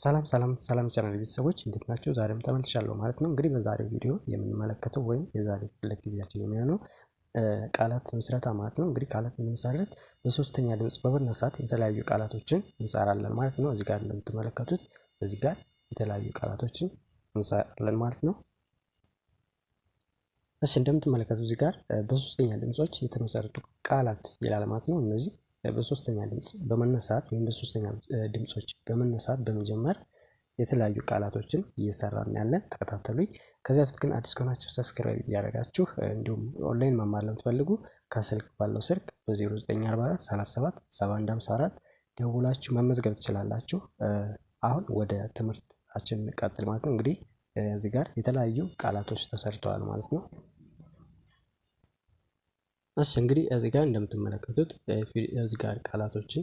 ሰላም ሰላም ሰላም ቻናል ቤተሰቦች እንዴት ናቸው? ዛሬም ተመልሻለሁ ማለት ነው። እንግዲህ በዛሬው ቪዲዮ የምንመለከተው ወይም የዛሬ ክፍለ ጊዜያችን የሚሆነው ቃላት ምስረታ ማለት ነው። እንግዲህ ቃላት የምንመሰርት በሶስተኛ ድምፅ በመነሳት የተለያዩ ቃላቶችን እንሰራለን ማለት ነው። እዚህ ጋር እንደምትመለከቱት እዚህ ጋር የተለያዩ ቃላቶችን እንሰራለን ማለት ነው። እሺ እንደምትመለከቱት እዚህ ጋር በሶስተኛ ድምፆች የተመሰረቱ ቃላት ይላል ማለት ነው። እነዚህ በሶስተኛ ድምፅ በመነሳት ወይም በሶስተኛ ድምፆች በመነሳት በመጀመር የተለያዩ ቃላቶችን እየሰራን ያለን ተከታተሉኝ። ከዚያ በፊት ግን አዲስ ከሆናችሁ ሰብስክራይብ እያደረጋችሁ እንዲሁም ኦንላይን መማር ለምትፈልጉ ከስልክ ባለው ስልክ በ0944 37 7154 ደውላችሁ መመዝገብ ትችላላችሁ። አሁን ወደ ትምህርታችን እንቀጥል ማለት ነው። እንግዲህ እዚህ ጋር የተለያዩ ቃላቶች ተሰርተዋል ማለት ነው። እስ እንግዲህ እዚህ ጋር እንደምትመለከቱት እዚህ ጋር ቃላቶችን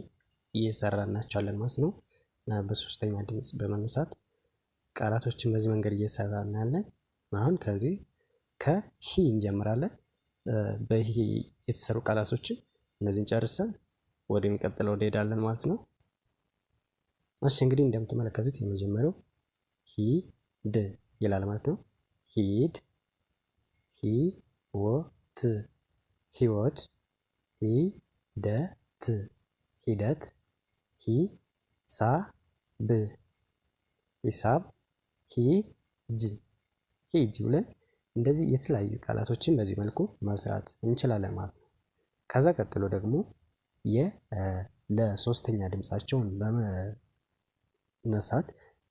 እየሰራ እናቸዋለን ማለት ነው። በሶስተኛ ድምፅ በመነሳት ቃላቶችን በዚህ መንገድ እየሰራ እናያለን። አሁን ከዚህ ከሂ እንጀምራለን። በሂ የተሰሩ ቃላቶችን እነዚህን ጨርሰን ወደሚቀጥለው እንሄዳለን ማለት ነው። እሺ እንግዲህ እንደምትመለከቱት የመጀመሪያው ሂድ ይላል ማለት ነው። ሂድ ሂ ት ህይወት ሂደት ሂደት ሂሳብ ሂሳብ ሂጅ ሂጅ ብለን እንደዚህ የተለያዩ ቃላቶችን በዚህ መልኩ መስራት እንችላለን ማለት ነው። ከዛ ቀጥሎ ደግሞ ለሶስተኛ ድምፃቸውን በመነሳት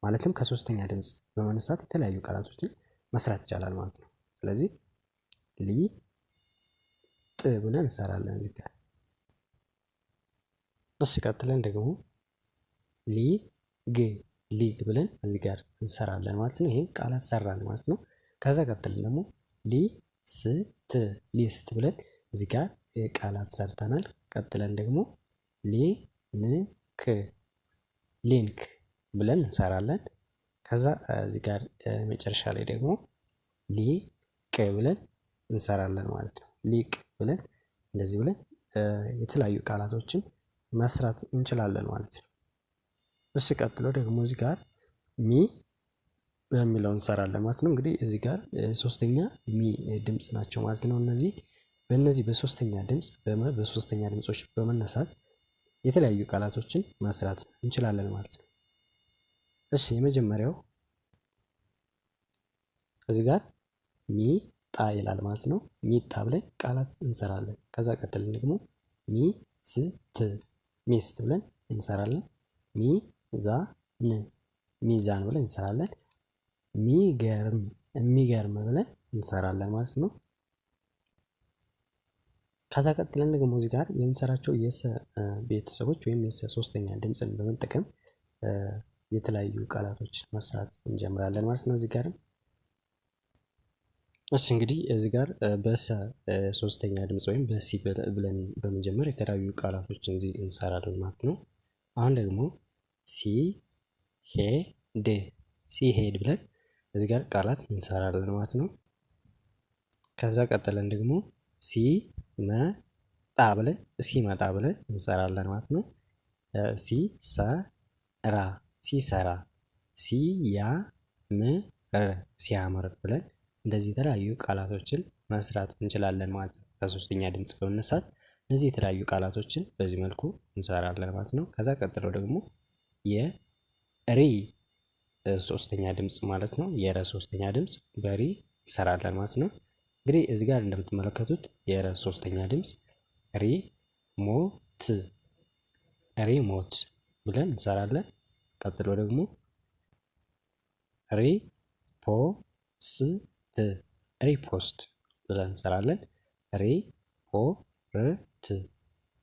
ማለትም ከሶስተኛ ድምፅ በመነሳት የተለያዩ ቃላቶችን መስራት ይቻላል ማለት ነው። ስለዚህ ሊ ጥ ብለን እንሰራለን እዚህ ጋር። እሱ ቀጥለን ደግሞ ሊ ግ ሊግ ብለን እዚህ ጋር እንሰራለን ማለት ነው። ይሄን ቃላት ሰራን ማለት ነው። ከዛ ቀጥለን ደግሞ ሊ ስ ት ሊስት ብለን እዚህ ጋር ቃላት ሰርተናል። ቀጥለን ደግሞ ሊ ን ክ ሊንክ ብለን እንሰራለን። ከዛ እዚህ ጋር መጨረሻ ላይ ደግሞ ሊቅ ብለን እንሰራለን ማለት ነው። ሊቅ ብለን እንደዚህ ብለን የተለያዩ ቃላቶችን መስራት እንችላለን ማለት ነው። እሺ ቀጥሎ ደግሞ እዚህ ጋር ሚ በሚለው እንሰራለን ማለት ነው። እንግዲህ እዚህ ጋር ሶስተኛ ሚ ድምፅ ናቸው ማለት ነው። እነዚህ በእነዚህ በሶስተኛ ድምፅ በሶስተኛ ድምፆች በመነሳት የተለያዩ ቃላቶችን መስራት እንችላለን ማለት ነው። እሺ የመጀመሪያው እዚህ ጋር ሚ ጣ ይላል ማለት ነው። ሚጣ ብለን ቃላት እንሰራለን። ከዛ ቀጥለን ደግሞ ሚስት ሚስት ብለን እንሰራለን። ን ሚዛን ብለን እንሰራለን። ሚገርም የሚገርም ብለን እንሰራለን ማለት ነው። ከዛ ቀጥለን ደግሞ እዚህ ጋር የምንሰራቸው የሰ ቤተሰቦች ወይም የሰ ሶስተኛ ድምፅን በመጠቀም የተለያዩ ቃላቶችን መስራት እንጀምራለን ማለት ነው እዚህ ጋርም እሺ እንግዲህ እዚህ ጋር በሰ ሶስተኛ ድምፅ ወይም በሲ ብለን በመጀመር የተለያዩ ቃላቶችን እዚህ እንሰራለን ማለት ነው። አሁን ደግሞ ሲ ሄ ድ ሲሄድ ብለን እዚህ ጋር ቃላት እንሰራለን ማለት ነው። ከዛ ቀጥለን ደግሞ ሲ መጣ ብለን መጣ ብለን እንሰራለን ማለት ነው። ሲ ሰራ ሲሰራ ሲያምር ሲያምር ብለን እንደዚህ የተለያዩ ቃላቶችን መስራት እንችላለን ማለት ነው። ከሶስተኛ ድምፅ በመነሳት እነዚህ የተለያዩ ቃላቶችን በዚህ መልኩ እንሰራለን ማለት ነው። ከዛ ቀጥሎ ደግሞ የሪ ሶስተኛ ድምፅ ማለት ነው። የረ ሶስተኛ ድምፅ በሪ እንሰራለን ማለት ነው። እንግዲህ እዚህ ጋር እንደምትመለከቱት የረ ሶስተኛ ድምፅ ሪ ሞት ሪ ሞት ብለን እንሰራለን። ቀጥሎ ደግሞ ሪ ፖ ስ ሪፖስት ብለን እንሰራለን። ሪፖርት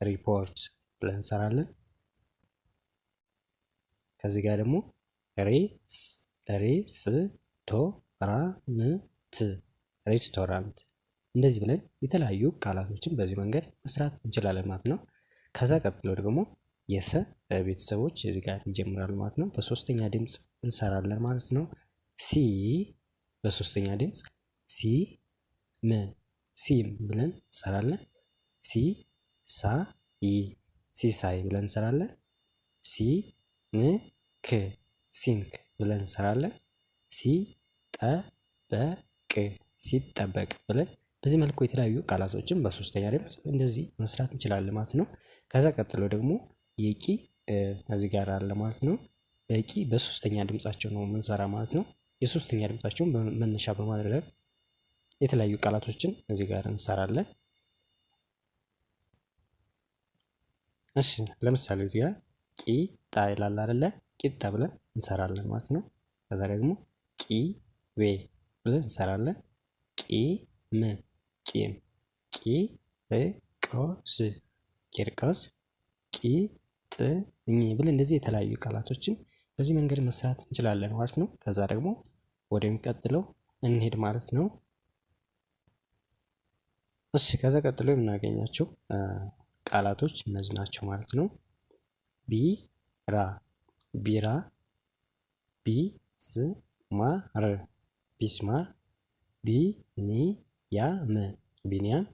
ሪፖርት ብለን እንሰራለን። ከዚህ ጋር ደግሞ ሬስቶራንት ሬስቶራንት እንደዚህ ብለን የተለያዩ ቃላቶችን በዚህ መንገድ መስራት እንችላለን ማለት ነው። ከዛ ቀጥሎ ደግሞ የሰ ቤተሰቦች እዚህ ጋር ይጀምራሉ ማለት ነው። በሶስተኛ ድምፅ እንሰራለን ማለት ነው። ሲ በሶስተኛ ድምፅ ሲ ም ሲም ብለን እንሰራለን። ሲ ሳ ይ ሲሳይ ብለን እንሰራለን። ሲ ን ክ ሲንክ ብለን እንሰራለን። ሲ ጠ በ ቅ ሲጠበቅ ብለን በዚህ መልኩ የተለያዩ ቃላቶችን በሶስተኛ ድምፅ እንደዚህ መስራት እንችላለን ማለት ነው። ከዛ ቀጥሎ ደግሞ የቂ እዚህ ጋር አለ ማለት ነው። በቂ በሶስተኛ ድምጻቸው ነው የምንሰራ ማለት ነው። የሶስተኛ ድምፃቸውን መነሻ በማድረግ የተለያዩ ቃላቶችን እዚህ ጋር እንሰራለን። እሺ ለምሳሌ እዚህ ጋር ቂ ጣ ይላል አይደለ? ቂጣ ብለን እንሰራለን ማለት ነው። ከዛ ደግሞ ቂ ቤ ብለን እንሰራለን። ቂ ም ቂም ቂ ቂም ቂርቆስ ቂርቆስ ቂጥኝ ብለን እንደዚህ የተለያዩ ቃላቶችን በዚህ መንገድ መስራት እንችላለን ማለት ነው። ከዛ ደግሞ ወደሚቀጥለው እንሄድ ማለት ነው። እሺ ከዛ ቀጥሎ የምናገኛቸው ቃላቶች እነዚህ ናቸው ማለት ነው። ቢራ፣ ቢራ፣ ቢስማር፣ ቢስማር፣ ቢኒያም፣ ቢኒያም፣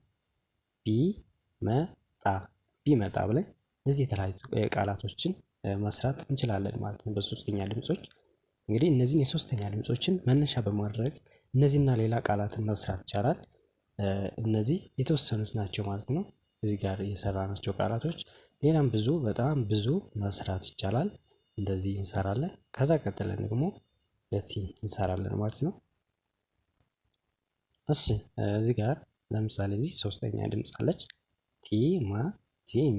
መጣ ቢመጣ ብለን እዚህ የተለያዩ ቃላቶችን መስራት እንችላለን ማለት ነው። በሶስተኛ ድምጾች እንግዲህ እነዚህን የሶስተኛ ድምፆችን መነሻ በማድረግ እነዚህና ሌላ ቃላትን መስራት ይቻላል። እነዚህ የተወሰኑት ናቸው ማለት ነው። እዚህ ጋር የሰራናቸው ቃላቶች ሌላም ብዙ በጣም ብዙ መስራት ይቻላል። እንደዚህ እንሰራለን ከዛ ቀጥለን ደግሞ በቲ እንሰራለን ማለት ነው። እሺ እዚህ ጋር ለምሳሌ እዚህ ሶስተኛ ድምፅ አለች። ቲማቲም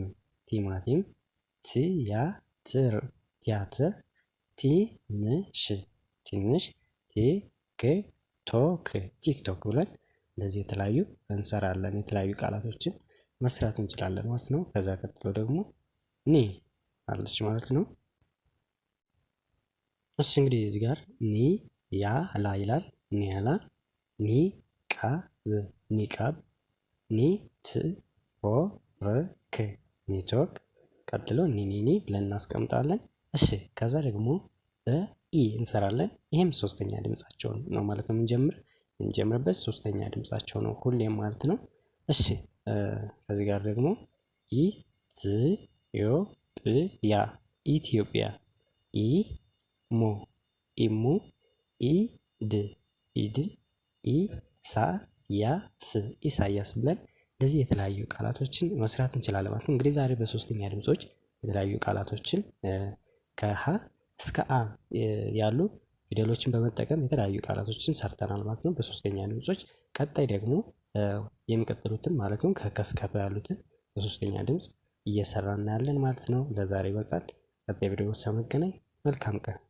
ቲማቲም ቲያ ትር ቲያትር ትንሽ ትንሽ ቲክቶክ ቲክቶክ ብለን እንደዚህ የተለያዩ እንሰራለን የተለያዩ ቃላቶችን መስራት እንችላለን ማለት ነው። ከዛ ቀጥሎ ደግሞ ኒ አለች ማለት ነው። እሺ እንግዲህ እዚህ ጋር ኒ ያ ላ ይላል ኒ ያላ ኒ ቃብ ኒቃብ ኒ ት ፎ ር ክ ኔትወርክ ቀጥሎ ኒኒኒ ብለን እናስቀምጣለን። እሺ ከዛ ደግሞ በኢ እንሰራለን። ይሄም ሶስተኛ ድምጻቸው ነው ማለት ነው የምንጀምር የምንጀምርበት ሶስተኛ ድምጻቸው ነው ሁሌም ማለት ነው። እሺ ከዚህ ጋር ደግሞ ኢትዮጵያ ኢትዮጵያ ኢ ሞ ኢሙ ኢ ድ ኢሳያስ ኢሳያስ ብለን እንደዚህ የተለያዩ ቃላቶችን መስራት እንችላለን ማለት ነው። እንግዲህ ዛሬ በሶስተኛ ድምጾች የተለያዩ ቃላቶችን ከሀ እስከ አ ያሉ ፊደሎችን በመጠቀም የተለያዩ ቃላቶችን ሰርተናል ማለት ነው። በሶስተኛ ድምጾች ቀጣይ ደግሞ የሚቀጥሉትን ማለት ነው ከከስከፈ ያሉትን በሶስተኛ ድምፅ እየሰራ እናያለን ማለት ነው። ለዛሬ በቃል። ቀጣይ ቪዲዮ ሰመገናኝ። መልካም ቀን